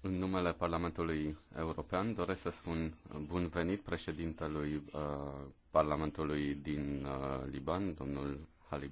În numele Parlamentului European doresc să spun uh, bun venit președintelui uh, Parlamentului din uh, Liban, domnul Halib